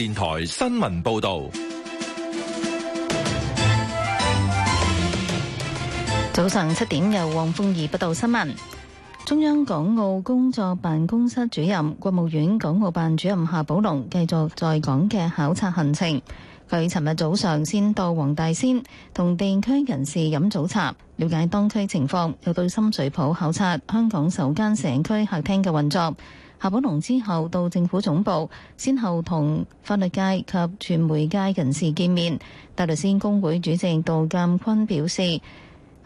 電台新聞報道。早上七點有旺峰易報道新聞。中央港澳工作辦公室主任、國務院港澳辦主任夏寶龍繼續在港嘅考察行程。佢尋日早上先到黃大仙同地區人士飲早茶，了解當區情況；又到深水埗考察香港首間社區客廳嘅運作。夏寶龍之後到政府總部，先後同法律界及傳媒界人士見面。大律師公會主席杜鑑坤表示，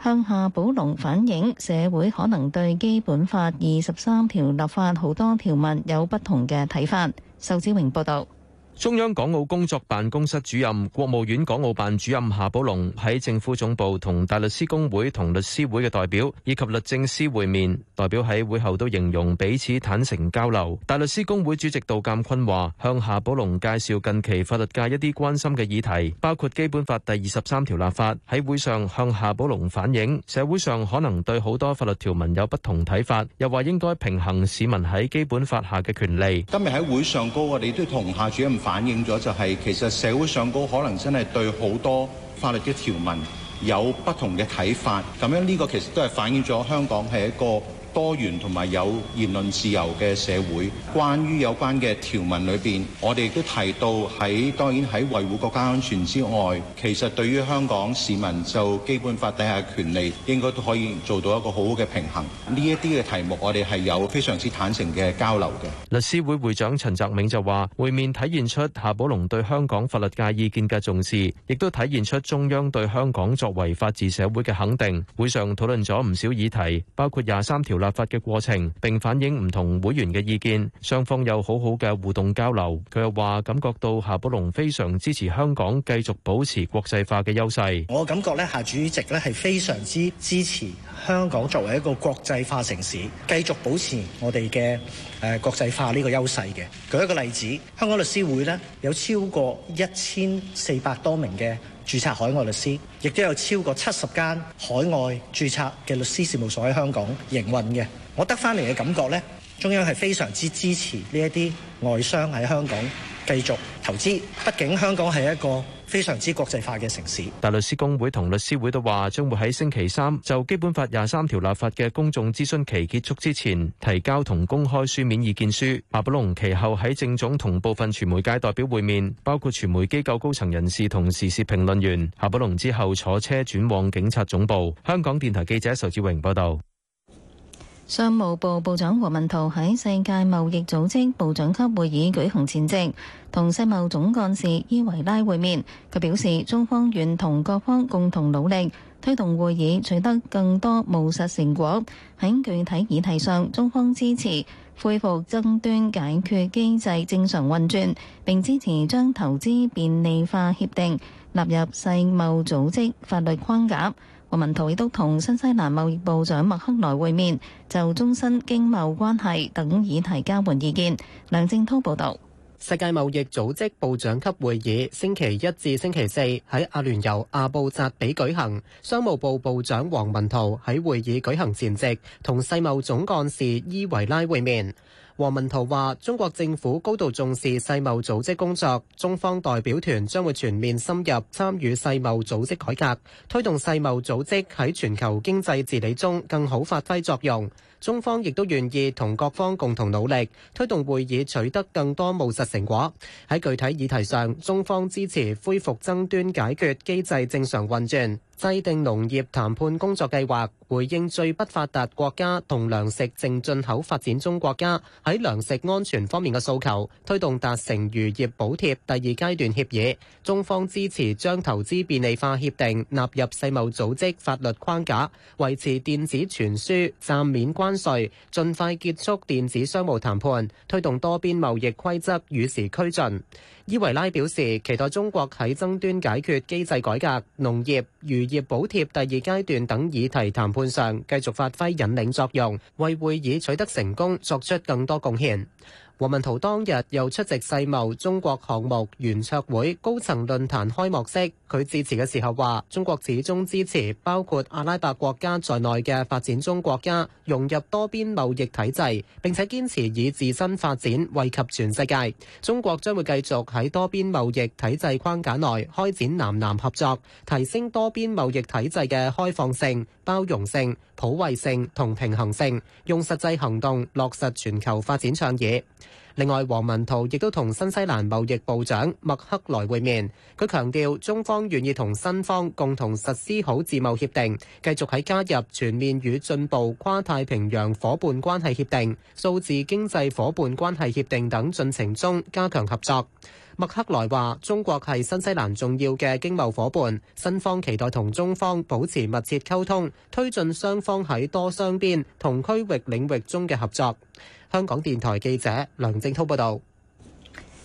向夏寶龍反映社會可能對《基本法》二十三條立法好多條文有不同嘅睇法。仇志榮報道。中央港澳工作辦公室主任、國務院港澳辦主任夏寶龍喺政府總部同大律師工會同律師會嘅代表以及律政司會面，代表喺會後都形容彼此坦誠交流。大律師工會主席杜鑒坤話，向夏寶龍介紹近期法律界一啲關心嘅議題，包括基本法第二十三條立法。喺會上向夏寶龍反映，社會上可能對好多法律條文有不同睇法，又話應該平衡市民喺基本法下嘅權利。今日喺會上高，我哋都同夏主任。反映咗就係、是，其實社會上高可能真係對好多法律嘅條文有不同嘅睇法，咁樣呢個其實都係反映咗香港係一個多元同埋有言論自由嘅社會，關於有關嘅條文裏邊，我哋都提到喺當然喺維護國家安全之外，其實對於香港市民就基本法底下嘅權利，應該都可以做到一個好好嘅平衡。呢一啲嘅題目，我哋係有非常之坦誠嘅交流嘅。律師會會長陳澤銘就話：會面體現出夏寶龍對香港法律界意見嘅重視，亦都體現出中央對香港作為法治社會嘅肯定。會上討論咗唔少議題，包括廿三條。立法嘅過程，並反映唔同會員嘅意見，雙方有好好嘅互動交流。佢又話感覺到夏寶龍非常支持香港繼續保持國際化嘅優勢。我感覺咧，夏主席咧係非常之支持香港作為一個國際化城市，繼續保持我哋嘅誒國際化呢個優勢嘅。舉一個例子，香港律師會咧有超過一千四百多名嘅。註冊海外律師，亦都有超過七十間海外註冊嘅律師事務所喺香港營運嘅。我得返嚟嘅感覺呢，中央係非常之支持呢一啲外商喺香港繼續投資，畢竟香港係一個非常之國際化嘅城市。大律師公會同律師會都話將會喺星期三就基本法廿三條立法嘅公眾諮詢期結束之前提交同公開書面意見書。夏寶龍其後喺政總同部分傳媒界代表會面，包括傳媒機構高層人士同時事評論員。夏寶龍之後坐車轉往警察總部。香港電台記者仇志榮報道。商務部部長王文濤喺世界貿易組織部長級會議舉行前夕，同世貿總幹事伊維拉會面。佢表示，中方願同各方共同努力，推動會議取得更多務實成果。喺具體議題上，中方支持恢復爭端解決機制正常運轉，並支持將投資便利化協定納入世貿組織法律框架。胡文濤亦都同新西蘭貿易部長麥克萊會面，就中新經貿關係等議題交換意見。梁正濤報道。世界貿易組織部長級會議星期一至星期四喺阿聯酋阿布扎比舉，舉行，商務部部長黃文濤喺會議舉行前夕同世貿總幹事伊維拉會面。黃文濤話：中國政府高度重視世貿組織工作，中方代表團將會全面深入參與世貿組織改革，推動世貿組織喺全球經濟治理中更好發揮作用。中方亦都願意同各方共同努力，推動會議取得更多務實成果。喺具體議題上，中方支持恢復爭端解決機制正常運轉。制定農業談判工作計劃，回應最不發達國家同糧食淨進口發展中國家喺糧食安全方面嘅訴求，推動達成漁業補貼第二階段協議，中方支持將投資便利化協定納入世貿組織法律框架，維持電子傳輸暫免關稅，盡快結束電子商務談判，推動多邊貿易規則與時俱進。伊維拉表示，期待中國喺爭端解決機制改革、農業、漁業補貼第二階段等議題談判上，繼續發揮引領作用，為會議取得成功作出更多貢獻。王文濤當日又出席世貿中國項目圓桌會高層論壇開幕式。佢致辭嘅時候話，中國始終支持包括阿拉伯國家在內嘅發展中國家融入多邊貿易體制，並且堅持以自身發展惠及全世界。中國將會繼續喺多邊貿易體制框架內開展南南合作，提升多邊貿易體制嘅開放性、包容性、普惠性同平衡性，用實際行動落實全球發展倡議。另外，王文濤亦都同新西蘭貿易部長麥克萊會面，佢強調中方願意同新方共同實施好自貿協定，繼續喺加入全面與進步跨太平洋伙伴關係協定、數字經濟伙伴關係協定等進程中加強合作。默克萊話：中國係新西蘭重要嘅經貿夥伴，新方期待同中方保持密切溝通，推進雙方喺多雙邊同區域領域中嘅合作。香港電台記者梁正濤報道。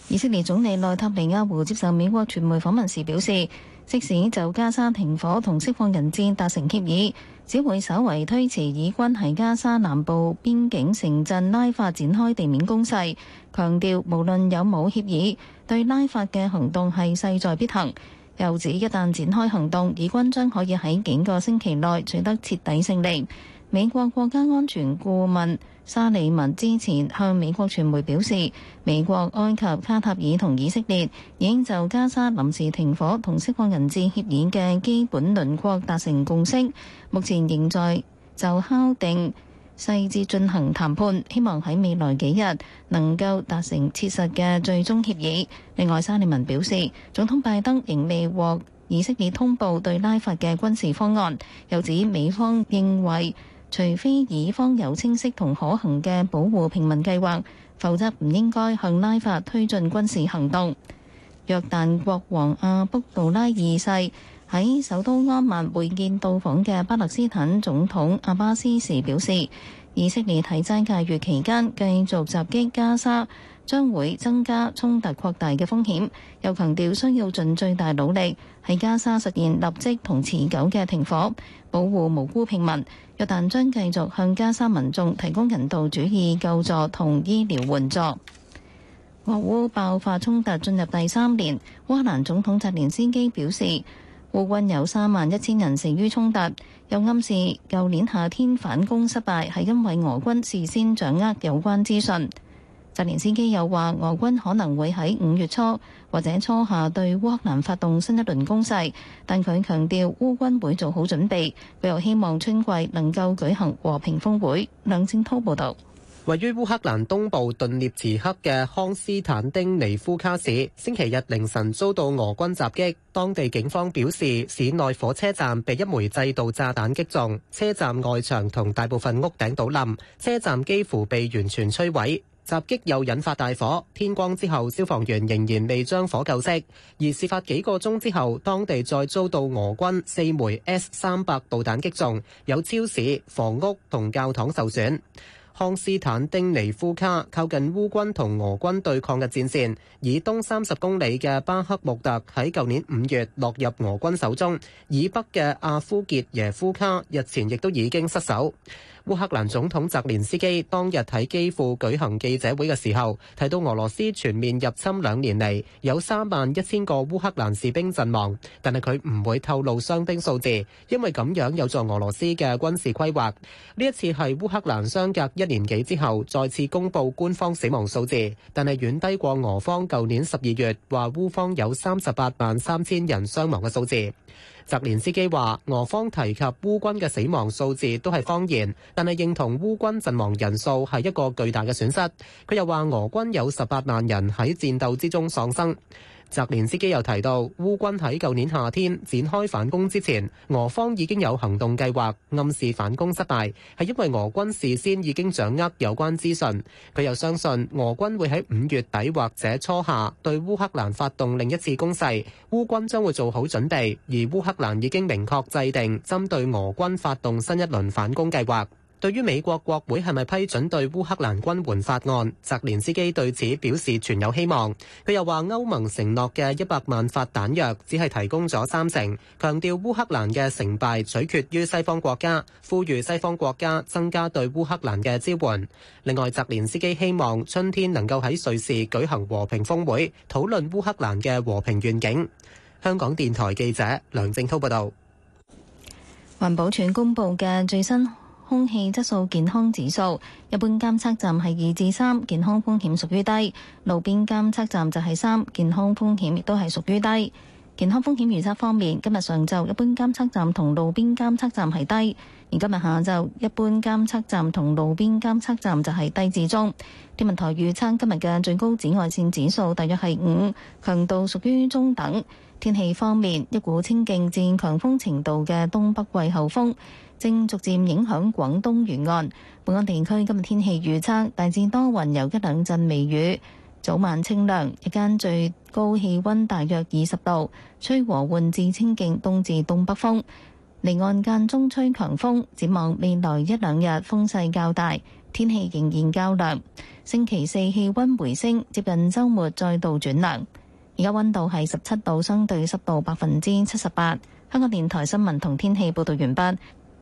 以色列總理內塔尼亞胡接受美國傳媒訪問時表示，即使就加沙停火同釋放人質達成協議，只會稍為推遲以軍喺加沙南部邊境城鎮拉法展開地面攻勢。強調無論有冇協議，對拉法嘅行動係勢在必行。又指一旦展開行動，以軍將可以喺幾個星期內取得徹底勝利。美國國家安全顧問。沙利文之前向美國傳媒表示，美國埃及、卡塔爾同以色列已經就加沙臨時停火同釋放人質協議嘅基本輪廓達成共識，目前仍在就敲定細節進行談判，希望喺未來幾日能夠達成切實嘅最終協議。另外，沙利文表示，總統拜登仍未獲以色列通報對拉法嘅軍事方案，又指美方認為。除非以方有清晰同可行嘅保護平民計劃，否則唔應該向拉法推進軍事行動。約旦國王阿卜杜拉二世喺首都安曼會見到訪嘅巴勒斯坦總統阿巴斯時表示，以色列提齋戒月期間繼續襲擊加沙，將會增加衝突擴大嘅風險，又強調需要盡最大努力喺加沙實現立即同持久嘅停火，保護無辜平民。約旦將繼續向加沙民眾提供人道主義救助同醫療援助。俄烏爆發衝突進入第三年，烏克蘭總統澤連斯基表示，烏軍有三萬一千人死於衝突，又暗示舊年夏天反攻失敗係因為俄軍事先掌握有關資訊。澤連斯基又話，俄軍可能會喺五月初或者初夏對烏克蘭發動新一輪攻勢，但佢強調烏軍會做好準備，佢又希望春季能夠舉行和平峰會。梁靜濤報導，位於烏克蘭東部頓涅茨克嘅康斯坦丁尼夫卡市，星期日凌晨遭到俄軍襲擊。當地警方表示，市內火車站被一枚制導炸彈擊中，車站外牆同大部分屋頂倒冧，車站幾乎被完全摧毀。襲擊又引發大火，天光之後，消防員仍然未將火救熄。而事發幾個鐘之後，當地再遭到俄軍四枚 S 三百導彈擊中，有超市、房屋同教堂受損。康斯坦丁尼夫卡靠近烏軍同俄軍對抗嘅戰線，以東三十公里嘅巴克穆特喺舊年五月落入俄軍手中，以北嘅阿夫傑耶夫卡日前亦都已經失守。烏克蘭總統澤連斯基當日喺基輔舉行記者會嘅時候，提到俄羅斯全面入侵兩年嚟，有三萬一千個烏克蘭士兵陣亡，但係佢唔會透露傷兵數字，因為咁樣有助俄羅斯嘅軍事規劃。呢一次係烏克蘭相隔一年幾之後再次公布官方死亡數字，但係遠低過俄方舊年十二月話烏方有三十八萬三千人傷亡嘅數字。澤連斯基話，俄方提及烏軍嘅死亡數字都係謊言，但係認同烏軍陣亡人數係一個巨大嘅損失。佢又話，俄軍有十八萬人喺戰鬥之中喪生。澤連斯基又提到，烏軍喺舊年夏天展開反攻之前，俄方已經有行動計劃暗示反攻失敗，係因為俄軍事先已經掌握有關資訊，佢又相信俄軍會喺五月底或者初夏對烏克蘭發動另一次攻勢，烏軍將會做好準備，而烏克蘭已經明確制定針對俄軍發動新一輪反攻計劃。對於美國國會係咪批准對烏克蘭軍援法案，澤連斯基對此表示存有希望。佢又話，歐盟承諾嘅一百萬發彈藥只係提供咗三成，強調烏克蘭嘅成敗取決於西方國家，呼籲西方國家增加對烏克蘭嘅支援。另外，澤連斯基希望春天能夠喺瑞士舉行和平峰會，討論烏克蘭嘅和平願景。香港電台記者梁正滔報導。環保署公布嘅最新空氣質素健康指數，一般監測站係二至三，健康風險屬於低；路邊監測站就係三，健康風險亦都係屬於低。健康風險預測方面，今日上晝一般監測站同路邊監測站係低，而今日下晝一般監測站同路邊監測站就係低至中。天文台預測今日嘅最高紫外線指數大約係五，強度屬於中等。天氣方面，一股清勁至強風程度嘅東北季候風，正逐漸影響廣東沿岸。本港地區今日天氣預測，大致多雲有一兩陣微雨，早晚清涼，日間最高氣溫大約二十度，吹和緩至清勁東至東北風，離岸間中吹強風，展望未來一兩日風勢較大，天氣仍然較涼，星期四氣溫回升，接近周末再度轉涼，而家溫度係十七度，相對濕度百分之七十八。香港電台新聞同天氣報道完畢。